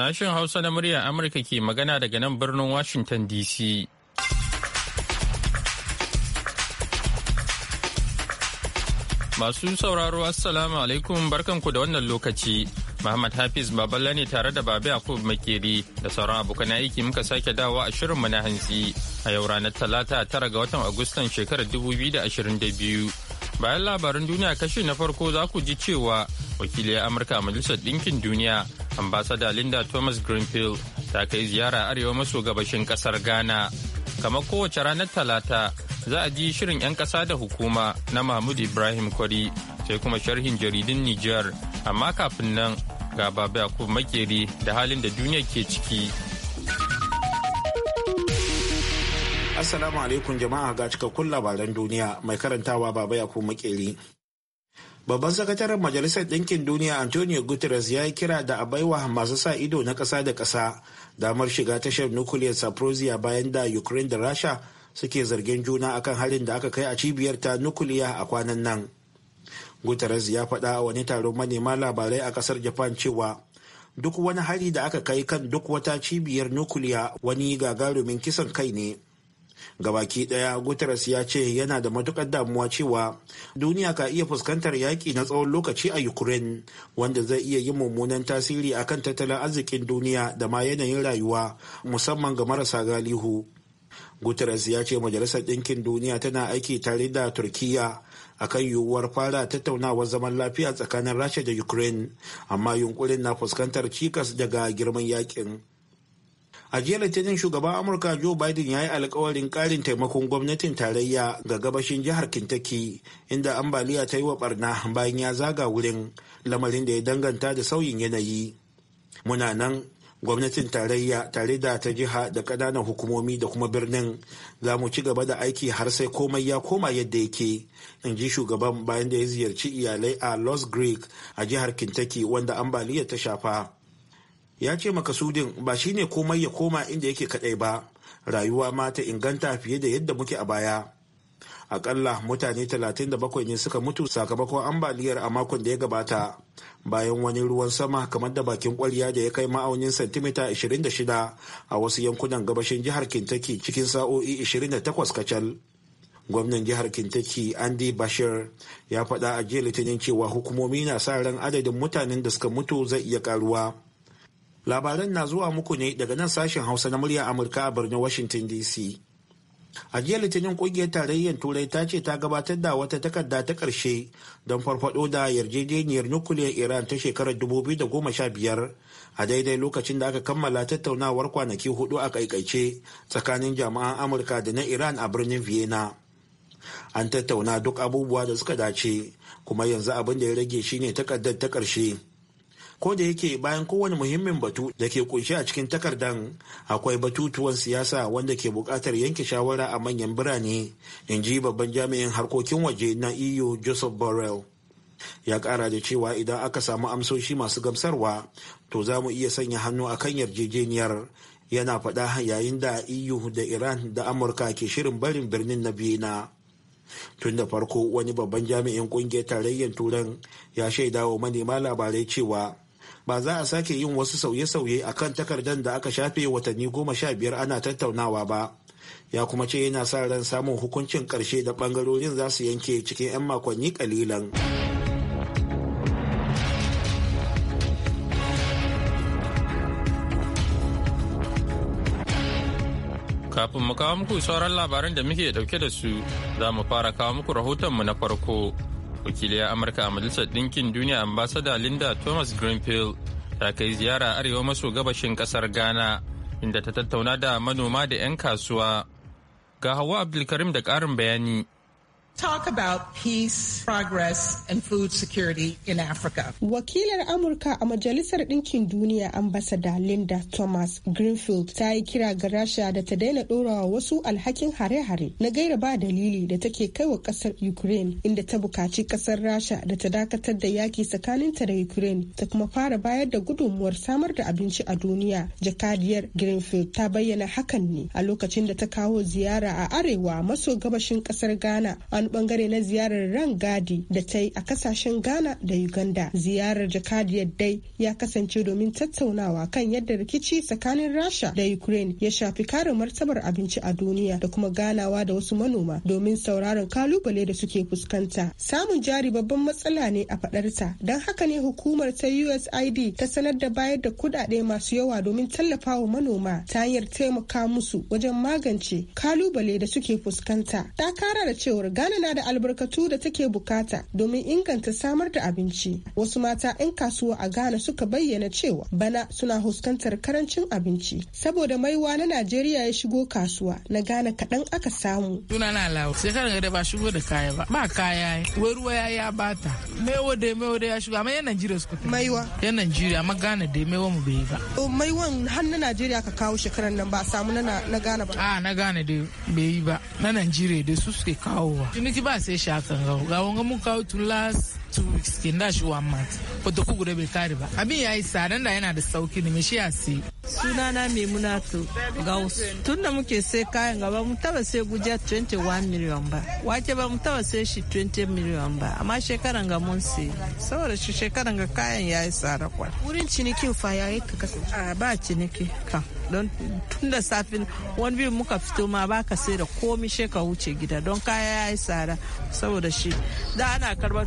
Sashen Hausa na murya Amurka ke magana daga nan birnin Washington DC. Masu sauraro Assalamu alaikum barkanku da wannan lokaci. Muhammad Hafiz Baballa ne tare da Babi Yakub Makeri da sauran abokan aiki muka sake dawo a shirinmu na hantsi a yau ranar Talata tara ga watan Agustan shekarar 2022. Bayan labarin duniya kashi na farko za ku ji cewa wakiliyar Amurka a Majalisar Ɗinkin Duniya ambasada linda thomas greenfield ta kai ziyara arewa maso gabashin kasar ghana kamar kowace ranar talata za a ji shirin 'yan kasa da hukuma na mahmud ibrahim kwari sai kuma sharhin jaridun niger amma kafin nan ga babu yakub makeri da halin da duniya ke ciki assalamu alaikum jama'a ga cikakkun labaran duniya mai karantawa baba yakub makeri Babban sakataren Majalisar Ɗinkin Duniya Antonio Guterres ya yi kira da a baiwa masu sa ido na ƙasa da ƙasa damar shiga tashar Nukiliyar Saprosia bayan da Ukraine da Rasha suke zargin juna akan halin da aka kai a cibiyar ta nukiliya a kwanan nan. Guterres ya faɗa a wani taron manema labarai a ƙasar Japan cewa duk wani hari da aka kai kan duk wata cibiyar nukuliya wani gagarumin kisan kai ne. gabaki daya guterres ya ce yana da matukar damuwa cewa duniya ka iya fuskantar yaƙi na tsawon lokaci a ukraine wanda zai iya yi mummunan tasiri akan tattalin arzikin duniya da ma yanayin rayuwa musamman ga marasa galihu guterres ya ce majalisar ɗinkin duniya tana aiki tare da turkiya akan yiwuwar fara tattaunawar zaman lafiya tsakanin rasha da ukraine amma yunkurin na fuskantar cikas daga girman yakin a jiya litinin shugaban amurka joe biden ya yi alkawarin karin taimakon gwamnatin tarayya ga gabashin jihar kentucky inda ambaliya ta yi wa barna bayan ya zaga wurin lamarin da ya danganta da sauyin yanayi muna nan gwamnatin tarayya tare da ta jiha da ƙananan hukumomi da kuma birnin za mu ci gaba da aiki har sai komai ya koma yadda yake in ji shugaban bayan da ya ziyarci iyalai a los greek a jihar kentucky wanda ambaliya ta shafa ya ce makasudin ba shine komai ya koma inda yake kadai ba rayuwa ma ta inganta fiye da yadda muke a baya akalla mutane 37 ne suka mutu sakamakon ambaliyar a makon da ya gabata bayan wani ruwan sama kamar da bakin kwarya da ya kai ma'aunin santimita 26 a wasu yankunan gabashin jihar kintaki cikin sa'o'i 28 kacal gwamnan jihar kintaki andy bashir ya faɗa a jiya litinin cewa hukumomi na sa ran adadin mutanen da suka mutu zai iya karuwa Labaran na zuwa muku ne daga nan sashen Hausa na murya Amurka a birnin Washington DC. A jiya Litinin kungiyar tarayyar Turai ta ce ta gabatar da wata takarda ta karshe don farfado da yarjejeniyar nukuliyar Iran ta shekarar 2015 a daidai lokacin da aka kammala tattaunawar kwanaki hudu a kaikaice tsakanin jama'an Amurka da na Iran a birnin Vienna. An tattauna duk abubuwa da suka dace, kuma yanzu abin da ya rage shine takardar ta karshe. ko da yake bayan kowane muhimmin batu da ke kunshe a cikin takardan akwai batutuwan siyasa wanda ke buƙatar yanke shawara a manyan birane in ji babban jami'in harkokin waje na eu joseph borrell ya kara da cewa idan aka samu amsoshi masu gamsarwa to za mu iya sanya hannu a kan yarjejeniyar yana faɗa yayin da eu da iran da amurka ke shirin barin birnin na biyana tun da farko wani babban jami'in kungiyar tarayyar turan ya shaidawa manema labarai cewa ba za a sake yin wasu sauye-sauye a kan takardar da aka shafe watanni goma sha biyar ana tattaunawa ba ya kuma ce yana sa ran samun hukuncin ƙarshe da bangarorin za su yanke cikin 'yan makonni kalilan. kafin mu kawo muku sauran labaran da muke dauke da su za mu fara kawo muku rahotonmu na farko wakiliyar amurka a majalisar ɗinkin duniya ambasada linda thomas greenfield ta kai ziyara arewa maso gabashin kasar ghana inda ta tattauna da manoma da 'yan kasuwa ga hawa abdulkarim da ƙarin bayani talk about peace, progress, and food security in Africa. Wakilar Amurka a Majalisar dinkin Duniya ambasada Linda Thomas Greenfield ta yi kira ga Rasha da ta daina ɗorawa wasu alhakin hare-hare na gaira ba dalili da take kai wa ƙasar Ukraine inda ta buƙaci ƙasar Rasha da ta dakatar da yaƙi tsakaninta da Ukraine ta kuma fara bayar da gudunmuwar samar da abinci a duniya. Jakadiyar Greenfield ta bayyana hakan ne a lokacin da ta kawo ziyara a arewa maso gabashin ƙasar Ghana an bangare na ziyarar rangadi da ta yi a kasashen ghana da uganda ziyarar jakadiyar dai ya kasance domin tattaunawa kan yadda rikici tsakanin rasha da ukraine ya shafi kare martabar abinci a duniya da kuma ganawa da wasu manoma domin sauraron kalubale da suke fuskanta samun jari babban matsala ne a fadarta don haka ne hukumar ta usid ta sanar da bayar da kuɗaɗe masu yawa domin tallafawa manoma ta hanyar taimaka musu wajen magance kalubale da suke fuskanta ta kara da cewar ghana tana da albarkatu da take bukata domin inganta samar da abinci wasu mata 'yan kasuwa a ghana suka bayyana cewa bana suna fuskantar karancin abinci saboda maiwa na najeriya ya shigo kasuwa na ghana kaɗan aka samu suna n'a lawo shekarar da ba shigo da kaya ba ba kaya wai ruwa ya ya bata maiwa da maiwa da ya shigo amma yan najeriya suka maiwa yan najeriya amma ghana da maiwa mu bai ba maiwan har na najeriya ka kawo shekarar nan ba a samu na ghana ba a na ghana da bai yi ba na najeriya da su suke kawowa ciniki ba sai shi hakan ga ga wanga mun kawo tun last two weeks kin da shi one month ba da kugure bai kare ba abin yayi sadan da yana da sauki ne me shi ya sai sunana maimunatu gaus tun da muke sai kayan gaba mu taba sai guja 21 miliyan ba wake ba mu taba sai shi 20 miliyan ba amma shekaran ga mun sai saboda shi shekaran ga kayan yayi tsada kwa wurin cinikin fa yayi ka kasance ba ciniki kan don tun da safin wani biyu muka fito ma baka sai da komi she ka wuce gida don kaya ya yi tsada saboda shi da ana karba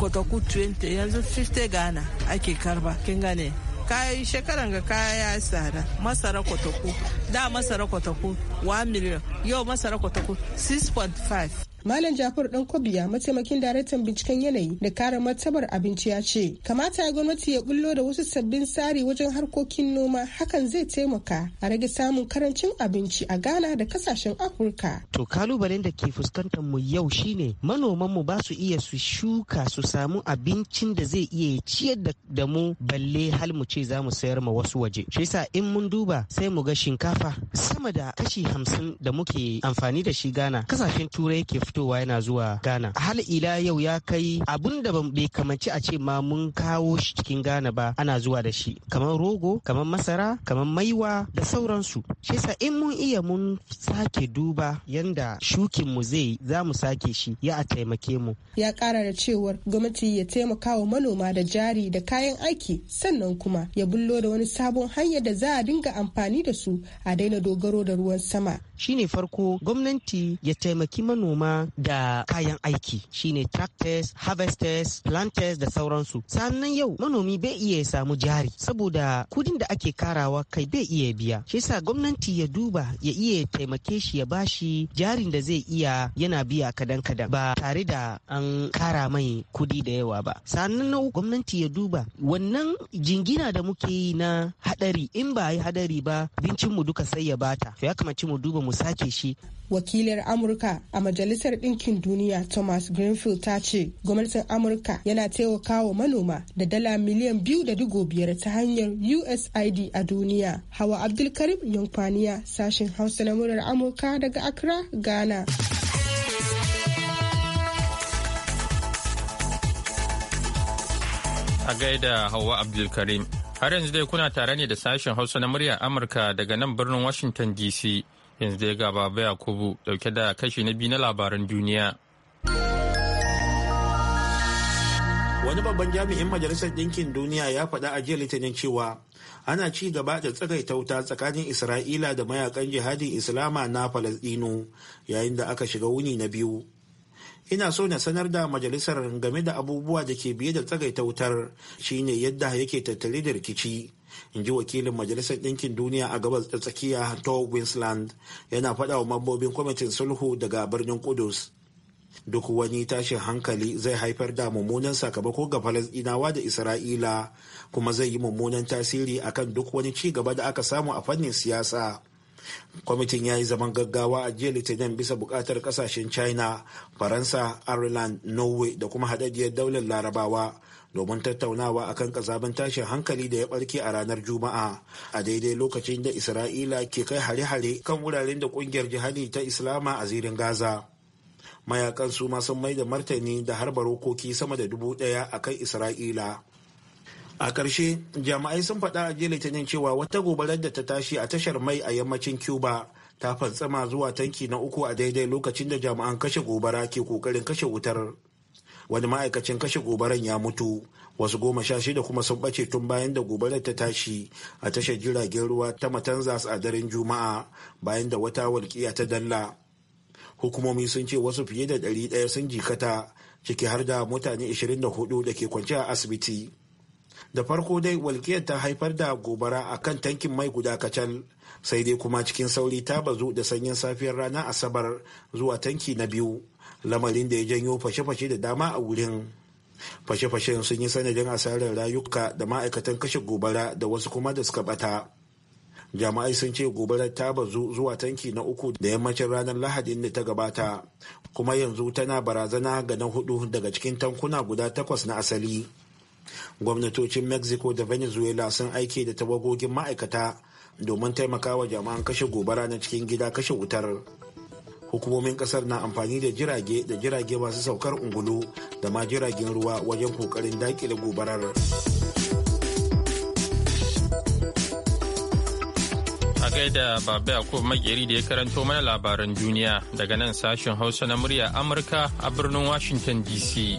kotoku 20 yanzu 50 gana ake karba kin gane kayan shekaran ga kaya ya tsada masara kotoku da masara kwatako 1 miliyan yau masara kwatako 6.5 Malam Jafar Dan Kobiya mataimakin daraktan binciken yanayi da kare martabar abinci ya ce, kamata ya gwamnati ya bullo da wasu sabbin tsari wajen harkokin noma hakan zai taimaka a rage samun karancin abinci a Ghana da kasashen Afirka. To kalubalen da ke fuskantar mu yau shine manoman mu ba su iya su shuka su samu abincin da zai iya ciyar da mu balle hal mu ce za mu sayar ma wasu waje. Shi yasa in mun duba sai mu ga shinkafa shinkafa sama da kashi hamsin da muke amfani da shi Ghana kasashen turai ke fitowa yana zuwa Ghana a hal ila yau ya kai abun da bai kamanci a ce ma mun kawo shi cikin Ghana ba ana zuwa da shi kamar rogo kamar masara kamar maiwa da sauransu shi yasa in mun iya mun sake duba yanda shukin mu zai za mu sake shi ya a taimake mu ya kara da cewar gwamnati ya taimaka wa manoma da jari da kayan aiki sannan kuma ya bullo da wani sabon hanyar da za a dinga amfani da su a daina dogaro da ruwan sama Shi ne farko gwamnati ya taimaki manoma da kayan aiki Shi ne tractors harvesters planters da sauransu sannan yau manomi bai iya ya samu jari saboda kudin da ake karawa kai bai iya biya shi sa gwamnati ya duba ya iya taimake shi ya ba shi jarin da zai iya yana biya kadan kadan ba tare da an kara mai kudi da yawa ba sannan na gwamnati ya duba wannan jingina da muke yi na hadari in ba yi hadari ba mu duk muka sai bata ya kamace mu duba mu sake shi wakilar amurka a majalisar ɗinkin duniya thomas greenfield ta ce gwamnatin amurka yana taimakawa manoma da dala miliyan biyu da digo biyar ta hanyar usaid a duniya hawa abdulkarim yankwaniya sashen hausa na murar amurka daga accra ghana a gaida hawa abdulkarim Har yanzu dai kuna tare ne da sashen Hausa na murya Amurka daga nan birnin Washington DC. Yanzu dai gaba Baba Yakubu dauke da kashi na biyu na labaran duniya. Wani babban jami'in Majalisar Ɗinkin Duniya ya faɗa a jiya Litinin cewa ana ci gaba da tsagaita wuta tsakanin Isra'ila da mayakan jihadin Islama na Falasɗinu yayin da aka shiga wuni na biyu. ina so na sanar da majalisar game da abubuwa da ke biye da tsagaita wutar shine yadda yake tattali da rikici in ji wakilin majalisar ɗinkin duniya a gabas da tsakiya to winsland yana faɗa wa mambobin kwamitin sulhu daga birnin kudus duk wani tashin hankali zai haifar da mummunan sakamako ga falasɗinawa da isra'ila kuma zai yi mummunan tasiri akan duk wani ci gaba da aka samu a fannin siyasa kwamitin ya yi zaman gaggawa a jiya litinin bisa bukatar kasashen china faransa ireland norway da kuma hadajiyar daular larabawa domin tattaunawa akan kazabin tashin hankali da ya barke a ranar juma'a a daidai lokacin da isra'ila ke kai hare-hare kan wuraren da kungiyar jihadi ta islama a zirin gaza mayakan su ma sun mai da martani da harba rokoki sama da dubu daya a kan isra'ila a ƙarshe jami'ai sun faɗa a jiya litinin cewa wata gobarar da ta tashi a tashar mai a yammacin cuba ta fantsama zuwa tanki na uku a daidai lokacin da jami'an kashe gobara ke kokarin kashe wutar wani ma'aikacin kashe gobaran ya mutu wasu goma sha shida kuma sun ɓace tun bayan da gobarar ta tashi a tashar jiragen ruwa ta matanzas a daren juma'a bayan da wata walƙiya ta dalla hukumomi sun ce wasu fiye da ɗari ɗaya sun jikata ciki har da mutane 24 da ke kwance a asibiti da farko dai walƙiyar ta haifar da gobara a kan tankin mai guda kacal sai dai kuma cikin sauri ta bazu da sanyin safiyar rana asabar zuwa tanki na biyu lamarin da ya janyo fashe-fashe da dama a wurin fashe-fashen sun yi sanadin asarar rayuka da ma'aikatan kashe gobara da wasu kuma da suka bata jama'ai sun ce gobarar ta bazu zuwa tanki na uku da yammacin ranar lahadin da ta gabata kuma yanzu tana barazana ga na hudu daga cikin tankuna guda takwas na asali gwamnatocin mexico da venezuela sun aike da tawagogin ma'aikata domin taimakawa jama'an kashe gobara na cikin gida kashe wutar hukumomin kasar na amfani da jirage da jirage masu saukar ungulu da ma jiragen ruwa wajen kokarin dakile gobarar a gaida babu yakub makeri da ya karanto mana labaran duniya daga nan sashen hausa na murya amurka a birnin washington dc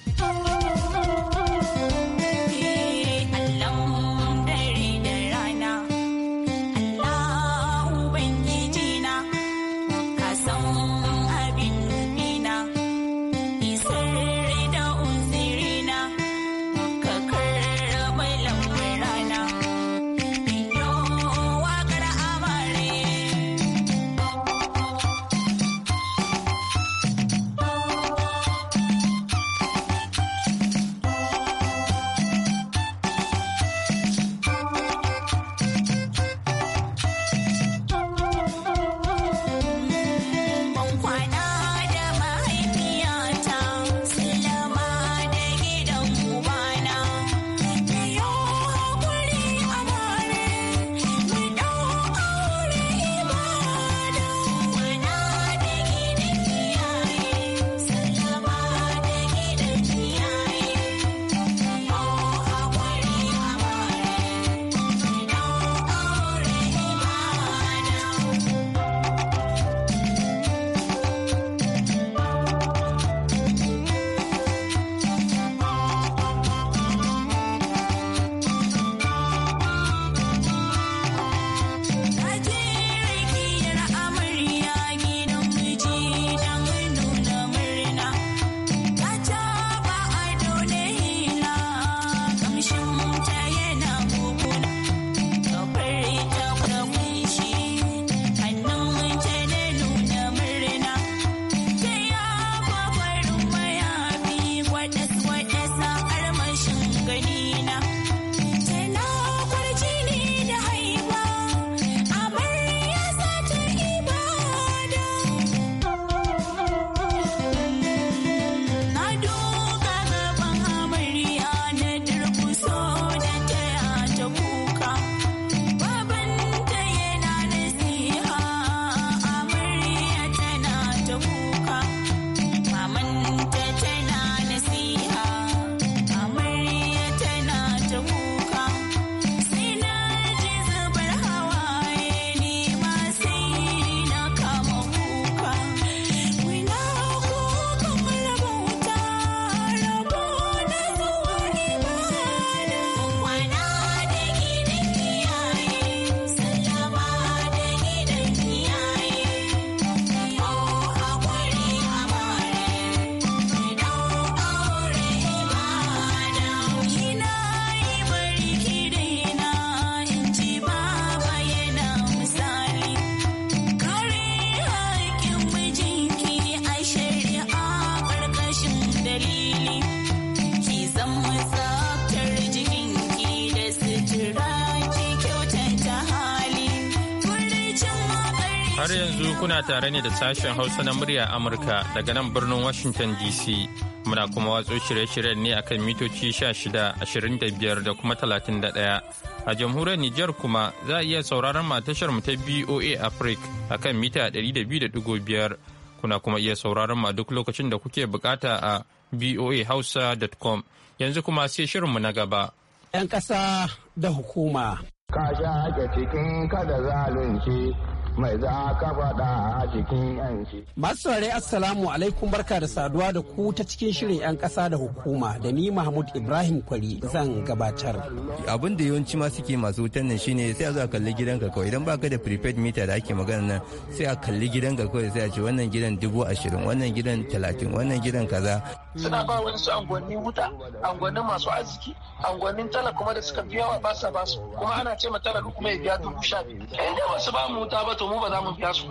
tare ne da sashen Hausa na murya Amurka daga nan birnin Washington DC. Muna kuma watso shirye-shiryen ne akan mitoci 16, 25 da kuma 31. A jamhuriyar Nijar kuma za a iya sauraron matashar mu ta BOA Africa akan mita 200.5. Kuna kuma iya sauraron ma duk lokacin da kuke bukata a boahausa.com. Yanzu kuma sai shirinmu na gaba. 'Yan ƙasa da hukuma. Ka ake cikin kada zalunci mai za ka faɗa a cikin yanci. Masu saurare Assalamu alaikum barka da saduwa da ku ta cikin shirin 'yan ƙasa da hukuma da ni Mahmud Ibrahim Kwari zan gabatar. Abin da yawanci ma suke masu wutan nan shine sai a zo a kalli gidanka kawai idan baka da prepaid meter da ake magana nan sai a kalli gidanka kawai sai a ce wannan gidan dubu ashirin wannan gidan talatin wannan gidan kaza. Suna ba wani su angonni wuta angonni masu arziki angonni tala kuma da suka fi yawa ba sa ba su kuma ana ce mu tara kuma ya biya dubu sha biyu inda ba su ba mu wuta ba to mu ba za mu biya su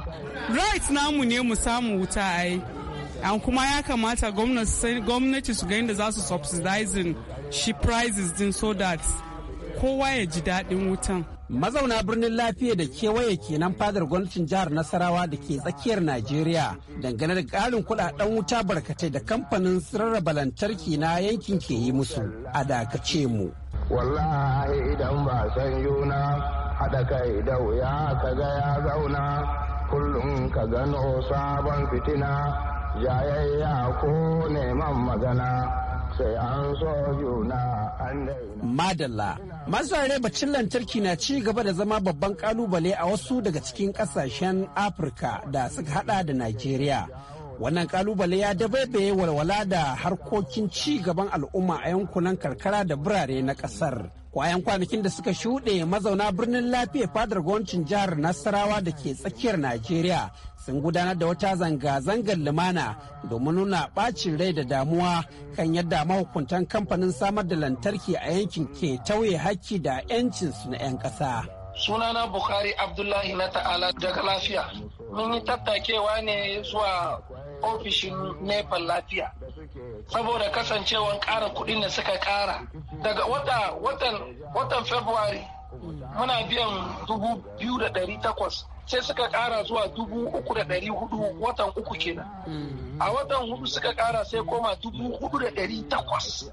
right namu ne mu samu wuta ai an kuma ya kamata gwamnati su ga inda za su subsidizing shi prices din so that kowa ya ji daɗin wutan. Mazauna birnin lafiya da kewaye kenan fadar gwamnatin jihar Nasarawa da ke tsakiyar Najeriya dangane da ƙarin kuɗaɗen wuta barkatai da kamfanin rarraba lantarki na yankin ke yi musu a dakace mu. wallahi idan ba san yuna haɗa kai da wuya ka ga ya zauna kullum ka gano sabon fitina jayayya ko neman magana sai an so yuna an Madalla, mazare bacin lantarki na ci gaba da zama babban kalubale a wasu daga cikin kasashen Afirka da suka hada da Najeriya. wannan kalubale ya dabaibaye walwala da harkokin ci gaban al'umma a yankunan karkara da birane na kasar kwayan kwanakin da suka shuɗe mazauna birnin lafiya fadar gwancin jihar nasarawa da ke tsakiyar najeriya sun gudanar da wata zanga-zangar lumana domin nuna ɓacin rai da damuwa kan yadda mahukuntan kamfanin samar da lantarki a yankin ke tauye haƙƙi da 'yancinsu na 'yan ƙasa. sunana bukari abdullahi na ta'ala daga lafiya mun yi tattakewa ne zuwa ofishin nepal lafiya saboda kasancewan ƙara kuɗin da suka kara daga watan february muna biyan dubu biyu da ɗari takwas sai suka ƙara zuwa dubu uku da ɗari hudu watan uku kenan a watan hudu suka ƙara sai koma dubu hudu da ɗari takwas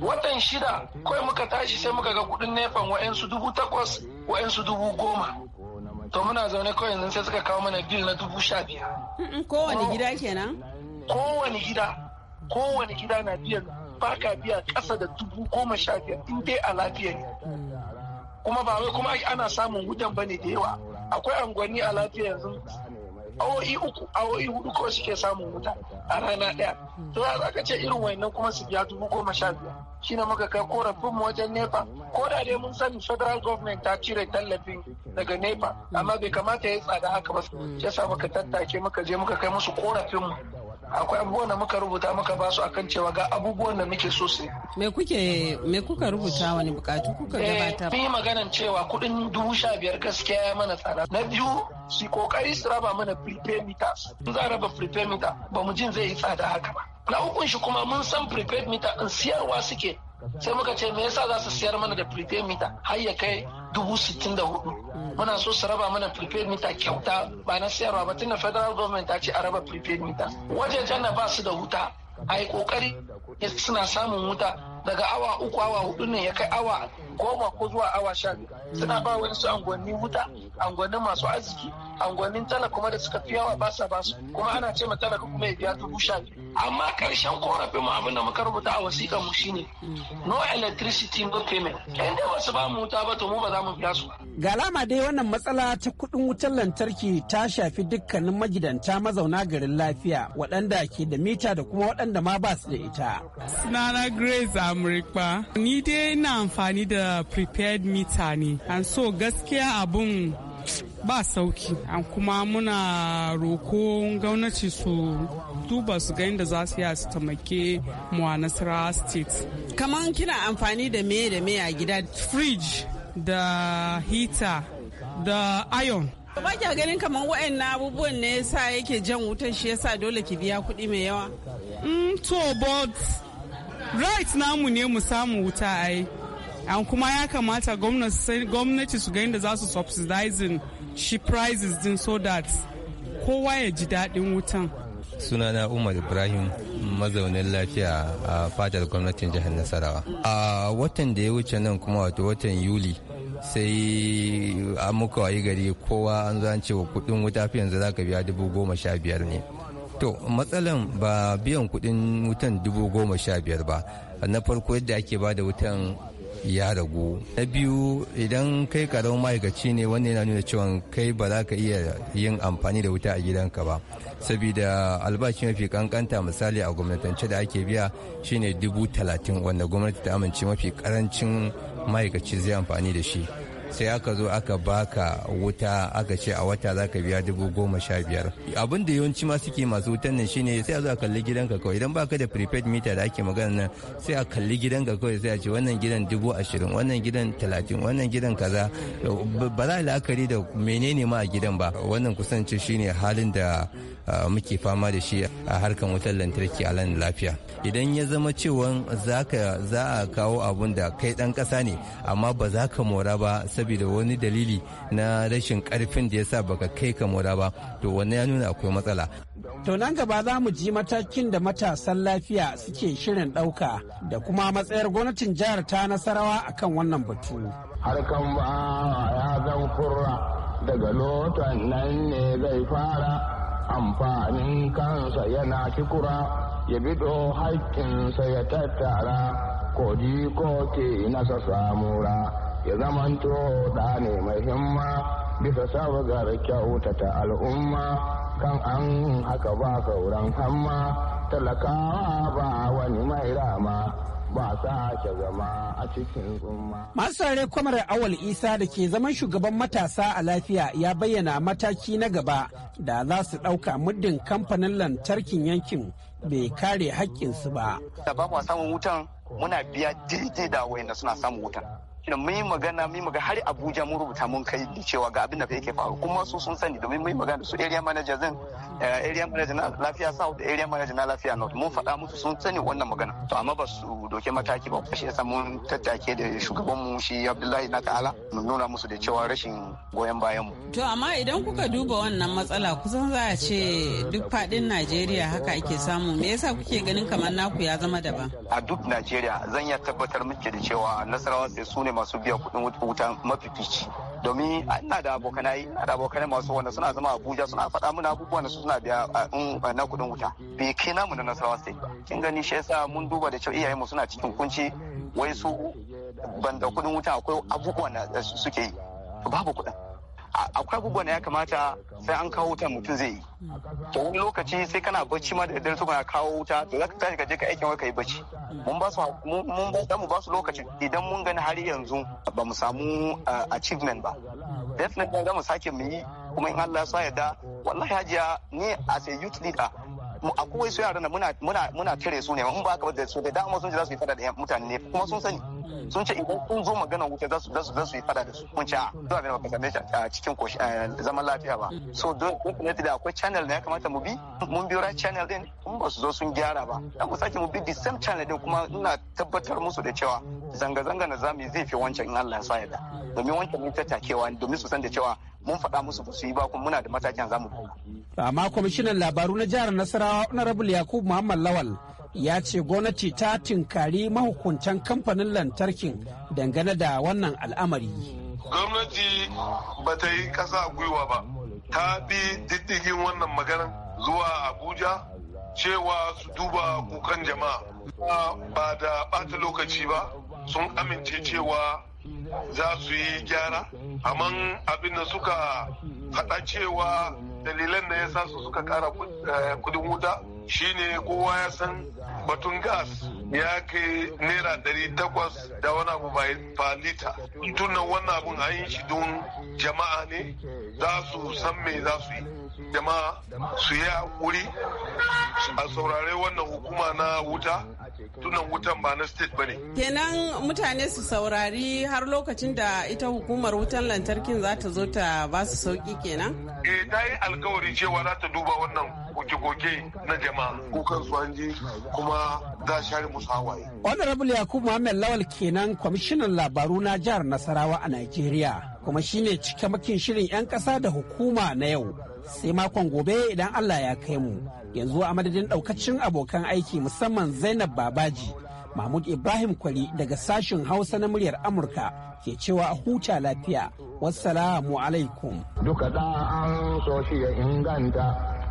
watan shida kawai muka tashi sai muka ga kuɗin nefan wa'yansu dubu takwas wa'yansu dubu goma to muna zaune kawai yanzu sai suka kawo mana bil na dubu sha biyar kowane gida kenan kowane gida kowane gida na biyan baka biya ƙasa da dubu goma sha biyar in dai a lafiya ne kuma ba wai kuma ana samun wutan bane da yawa akwai angwani a lafiya yanzu awoyi uku awoyi hudu ko suke samun wuta a rana ɗaya to ya zaka ce irin wannan kuma su biya dubu goma sha biyar ne muka kai korafin mu wajen nepa ko da dai mun sani federal government ta cire tallafin daga nepa amma bai kamata ya tsada haka ba shi sa muka tattake muka je muka kai musu korafin mu akwai abubuwan da muka rubuta muka ba su akan cewa ga abubuwan da muke so su me kuke me kuka rubuta wani bukatu kuka eh, gabatar eh maganan cewa kudin dubu sha biyar gaskiya ya mana tsada na biyu su kokari su raba mana prepaid meters in za raba prepaid meter ba mu jin zai yi tsada haka ba na ukun shi kuma mun san prepaid meter in siyarwa suke sai muka ce me yasa za su siyar mana da prepaid mita har ya kai dubu sittin da hudu hmm. muna so su raba mana prepaid mita kyauta ba na siyarwa ba tunda federal government ta ce a raba prepaid mita wajejen da ba su da wuta a yi kokari suna samun wuta daga awa uku awa hudu ne ya kai awa goma ko zuwa awa sha suna ba wani su angonni wuta angonin masu arziki angonin talaka kuma da suka fi yawa basa basu. kuma ana ce ma talaka kuma ya biya dubu sha amma karshen korafin mu abin da muka rubuta a wasiƙa mu shine no electricity no payment inda ba wasu ba mu wuta ba to mu ba za mu biya su ba Ga alama dai wannan matsala ta kudin wutar lantarki ta shafi dukkanin magidanta mazauna garin lafiya waɗanda ke da mita da kuma waɗanda ma ba su da ita. Sunana Grace Amurikpa. Ni dai ina amfani da prepared mita ne. An so gaskiya abun ba sauki an kuma muna roko gwamnati su duba su ga inda za su yi su tamake mu a nasarawa state kaman kina amfani da me da me a gida fridge da hita da iron ba kya ganin kamar wa'annan abubuwan ne sa yake jan wutan shi yasa dole ki biya kuɗi mai yawa mm, to but right namu ne mu samu wuta ai an kuma ya kamata gwamnati su ga inda za su subsidizing shi prices din so that kowa ya ji daɗin wutan sunana umar ibrahim mazaunin lafiya a fadar gwamnatin jihar nasarawa a watan da ya wuce nan kuma wato watan yuli sai an muka wayi gari kowa an zo an ce wa kudin wuta fi yanzu zaka biya dubu goma sha biyar ne to matsalan ba biyan kudin wutan dubu goma sha biyar ba na farko yadda ake ba da wutan ya ragu na biyu idan kai karamin ma'aikaci ne wannan yana nuna cewa kai ba za ka iya yin amfani da wuta a gidanka ba saboda albashi mafi kankanta misali a gwamnatance da ake biya shine dubu talatin wanda gwamnati ta amince mafi karancin ma'aikaci zai amfani da shi sai aka zo aka baka wuta aka ce a wata za ka biya dubu goma sha biyar abin da yawanci ma suke masu wutan nan shine sai a zo a kalli gidanka kawai idan baka da prepaid meter da ake magana nan sai a kalli gidanka kawai sai a ce wannan gidan dubu ashirin wannan gidan talatin wannan gidan kaza ba za la'akari da menene ma a gidan ba wannan kusanci shine halin da muke fama da shi a harkar wutar lantarki a nan lafiya idan ya zama cewa za a kawo abun da kai dan kasa ne amma ba za ka mora ba saboda wani dalili na rashin karfin da ya sa baka kai ka mora ba to wannan ya nuna akwai matsala to nan gaba za mu ji matakin da matasan lafiya suke shirin ɗauka da kuma matsayar gwamnatin jihar ta nasarawa akan wannan batu harkan ba ya zan kurra daga lotan nan ne zai fara amfanin kansa yana kikura ya bido haƙƙinsa ya tattara ko jiko ke nasa samura ya zamanto da ne mai himma bisa sabgar kyautata al'umma kan an haka ba sauran hamma talakawa ba wani mai rama ba sa ke zama a cikin tsumma. Masu sare kwamar awal isa da ke zaman shugaban matasa a lafiya ya bayyana mataki na gaba da za su ɗauka muddin kamfanin lantarkin yankin bai kare haƙƙinsu ba. Da ba samun wutan muna biya daidai da wayanda suna samun wutan. shi mun yi magana mun yi magana har Abuja mun rubuta mun kai cewa ga abin da fa yake faru kuma su sun sani domin mun yi magana su area manager zan eh, area manager na lafiya south da area manager na lafiya north mun faɗa musu sun sani wannan magana to amma ba su doke mataki ba shi yasa mun tattake da shugaban mu shi Abdullahi na ta'ala mun nuna musu da cewa rashin goyon bayan mu to amma idan kuka duba wannan matsala kusan za a ce duk fadin Najeriya haka ake samu me yasa kuke ganin kamar naku ya zama daban a duk Najeriya zan ya tabbatar miki da cewa Nasarawa sai su ne ne masu biya kuɗin wuta mafifici domin ina da abokanai ina da abokanai masu wanda suna zama abuja suna faɗa muna abubuwan su suna biya na kuɗin wuta bai kai namu na nasarawa state ba kin gani shi yasa mun duba da cewa iyayenmu suna cikin kunci wai su banda kuɗin wuta akwai abubuwan da suke yi babu kuɗin akwai abubuwan da ya kamata sai an kawo wuta mutum zai yi to wani lokaci sai kana bacci ma da daddare su kana kawo wuta to za ka tashi ka je ka aikin wai ka yi bacci mun ba su mun ba mu ba su lokaci idan mun gani har yanzu ba mu samu achievement ba definitely za mu sake mu yi kuma in Allah ya yarda wallahi hajiya ni as a youth leader akwai su yaran muna muna muna cire su ne in ba ka da su da dama sun ji za su yi fada da mutane ne kuma sun sani sun ce idan kun zo magana wuce za su za su yi fada da su kun ce ah, a zuwa ga baka same shi a cikin zaman lafiya ba so don da akwai channel na ya kamata mu bi mun bi right channel din kuma ba su zo sun gyara ba dan mu sake mu bi the same channel din kuma ina tabbatar musu da cewa zanga-zanga na zamu zai fi wancan in Allah ya sa ya da domin wancan ne ta takewa domin su san da cewa mun faɗa musu ba su yi ba kuma muna da matakin zamu dauka amma kwamishinan labaru na jihar Nasarawa Honorable Yakubu Muhammad Lawal ya ce gwamnati ta tinkari mahukuntan kamfanin lantarkin dangane da wannan al'amari. Gwamnati ba ta yi ƙasa gwiwa ba, ta bi diddigin wannan maganar zuwa Abuja cewa su duba kukan jama'a. Ba da ɓata lokaci ba sun amince cewa za su yi gyara amma abin da suka faɗa cewa dalilan da ya sa su suka kara kudin eh, wuta shine kowa ya san batun gas ya kai naira dari takwas da wani abu ba lita tunan wannan abun an yi shi don jama'a ne za su san me za su yi jama'a su yi hakuri a saurare wannan hukuma na wuta tunan wutan ba na state ba ne. kenan mutane su saurari har lokacin da ita hukumar wutan lantarkin za ta zo ta ba su sauki kenan? e ta yi alkawari cewa za ta duba wannan koke-koke na jama'a kukan su an ji kuma za a share musu hawaye. honorable yakubu muhammad lawal kenan kwamishinan labaru na jihar nasarawa a nigeria kuma shine makin shirin 'yan kasa da hukuma na yau sai makon gobe idan Allah ya kai mu yanzu a madadin daukacin abokan aiki musamman Zainab Babaji Mahmud Ibrahim Kwari daga sashin Hausa na muryar Amurka ke cewa a huta lafiya wassalamu alaikum duka da an so shi ya inganta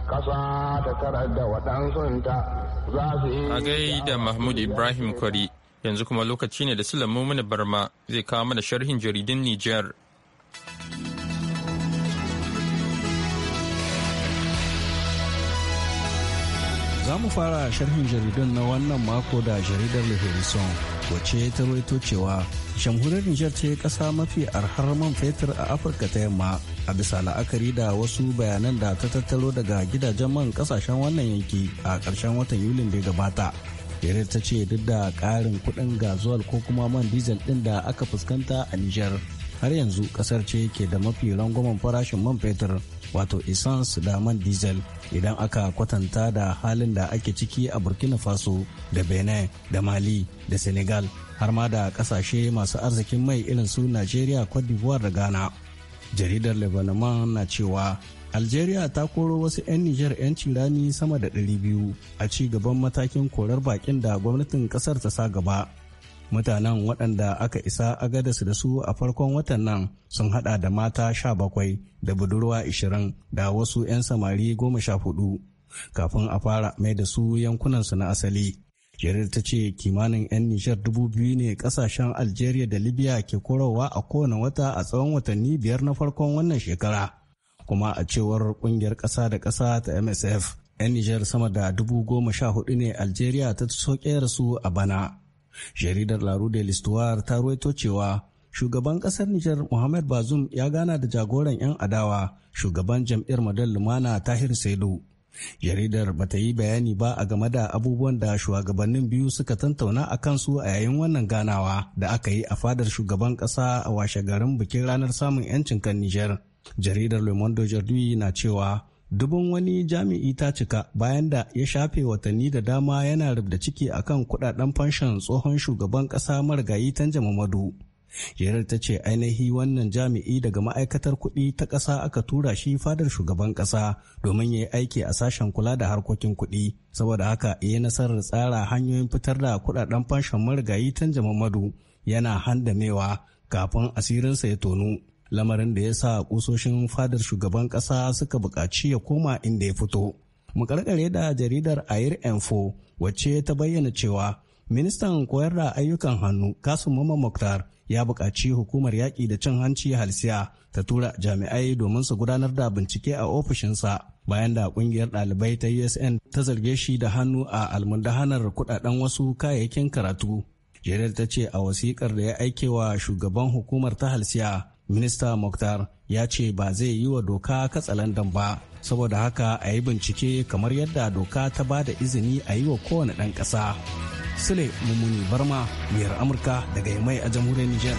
kasa ta tarar da waɗansunta za su yi a gaida Mahmud Ibrahim Kwari yanzu kuma lokaci ne da Sulaimu Barma zai kawo mana sharhin jaridin Nijar. Za mu fara sharhin jaridun na wannan mako da jaridar Leherison wacce ta rawaito cewa jamhuriyar Nijar ce ƙasa mafi arhar man fetur a Afirka ta yamma a bisa la'akari da wasu bayanan da ta tattaro daga gidajen man kasashen wannan yanki a ƙarshen watan Yulin da ya gabata. yare ta ce duk da ƙarin kuɗin gazuwal ko kuma man dizal ɗin da aka fuskanta a Nijar. har yanzu kasar ce ke da mafi rangwamen farashin man fetur wato essence da man diesel idan aka kwatanta da halin da ake ciki a burkina faso da benin da mali da senegal har ma da kasashe masu arzikin mai irin su nigeria cote d'ivoire da ghana jaridar lebanon na cewa algeria ta koro wasu 'yan niger 'yan rani sama da 200 a ci gaban matakin korar bakin da gwamnatin kasar ta sa gaba mutanen waɗanda aka isa agadas da su a farkon watan nan sun hada da mata sha bakwai da budurwa ishirin da wasu 'yan samari goma sha hudu kafin a fara mai da su yankunansu na asali jirar ta ce kimanin 'yan nishar dubu biyu ne kasashen algeria da libya ke korowa a kowane wata a tsawon watanni biyar na farkon wannan shekara kuma a cewar kungiyar ƙasa da ƙasa ta msf 'yan nijar sama da dubu goma sha hudu ne algeria ta soke su a bana Jaridar La Rue de l'Histoire ta ruwaito cewa shugaban kasar Nijar Muhammad Bazoum ya gana da jagoran 'yan adawa shugaban jam'iyyar Madal Lumana Tahir Saidu. Jaridar ba ta yi bayani ba a game da abubuwan da shugabannin biyu suka tantauna a kansu a yayin wannan ganawa da aka yi a fadar shugaban kasa a washe garin bikin ranar samun 'yancin kan Nijar. Jaridar Le Monde na cewa Dubin wani jami'i ta cika bayan da ya shafe watanni da dama yana rubda ciki akan kudaden fanshon tsohon shugaban kasa marigayi tanja mamadu jerar ta ce ainihi wannan jami'i daga ma'aikatar kuɗi ta ƙasa aka tura shi fadar shugaban ƙasa domin ya yi aiki a sashen kula da harkokin kuɗi saboda haka iya nasarar tsara hanyoyin fitar da kudaden fanshon marigayi tanja mamadu yana handamewa kafin asirinsa ya tonu lamarin da ya sa kusoshin fadar shugaban ƙasa suka buƙaci ya koma inda ya fito. Makarƙare da jaridar Air Info wacce ta bayyana cewa ministan koyar da ayyukan hannu Kasim Mamman ya buƙaci hukumar yaƙi da cin hanci halsiya ta tura jami'ai domin su gudanar da bincike a ofishinsa bayan da ƙungiyar ɗalibai ta usn ta zarge shi da hannu a almundahanar kuɗaɗen wasu kayayyakin karatu jerel ta ce a wasikar da ya aike wa shugaban hukumar ta halsiya minista Mokhtar ya ce ba zai yi wa doka katsalandan ba saboda haka a yi bincike kamar yadda doka ta ba da izini a yi wa kowane ɗan ƙasa. Sule Mummuni Barma, miyar Amurka daga Yamai a jamhuriyar Nijar.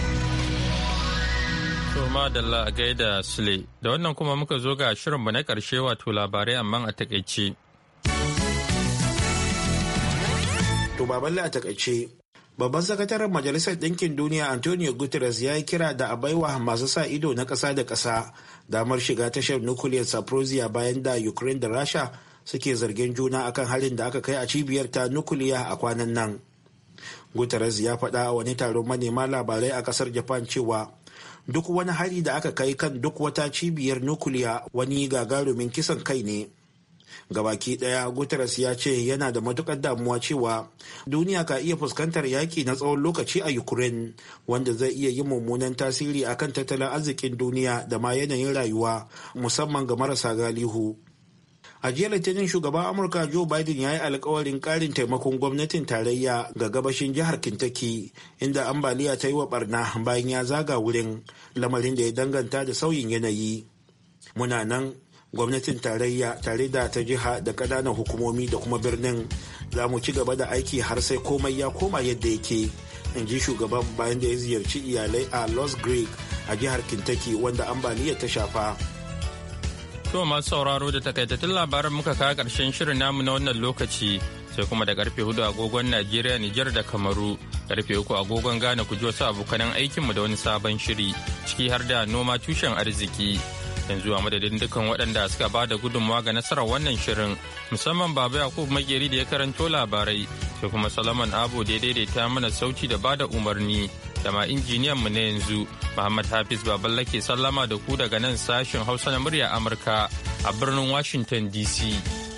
To madalla a gaida Sule, da wannan kuma muka zo ga shirinmu na karshe wato labarai amma a takaice. To baballe a takaice babban sakataren majalisar ɗinkin duniya antonio guterres ya yi kira da a baiwa masu sa ido na ƙasa da ƙasa damar shiga tashar Nukiliyar saprosia bayan da ukraine da rasha suke zargin juna akan halin da aka kai a cibiyar ta nukuliya a kwanan nan guterres ya faɗa a wani taron manema labarai a ƙasar japan cewa duk wani hari da aka kai kan duk wata cibiyar nukiliya wani gagarumin kisan kai ne gabaki daya guterres ya ce yana da matukar damuwa cewa duniya ka iya fuskantar yaki na tsawon lokaci a ukraine wanda zai iya yi mummunan tasiri a kan tattalin arzikin duniya da ma yanayin rayuwa musamman ga marasa galihu a jiya litinin shugaban amurka joe biden ya yi alkawarin karin taimakon gwamnatin tarayya ga gabashin jihar kentucky inda ambaliya ta yi wa barna bayan ya zaga wurin lamarin da ya danganta da sauyin yanayi muna nan gwamnatin tarayya tare da ta jiha da ƙananan hukumomi da kuma birnin za mu ci gaba da aiki har sai komai ya koma yadda yake in ji shugaban bayan da ya ziyarci iyalai a los greek a jihar kentucky wanda ambaliyar ta shafa to masu sauraro da takaitattun labaran muka kawo karshen shirin namu na wannan lokaci sai kuma da karfe hudu agogon najeriya nijar da kamaru karfe uku agogon ghana ku ji wasu abokanan aikinmu da wani sabon shiri ciki har da noma tushen arziki yanzu a madadin dukkan waɗanda suka ba da gudunmawa ga nasarar wannan shirin musamman baba yakub magiri da ya karanto labarai da kuma salaman abu da ya daidaita mana sauci da bada umarni da ma injiniyan mu na yanzu muhammad hafiz baballe ke sallama da ku daga nan sashen hausa na murya amurka a birnin washington dc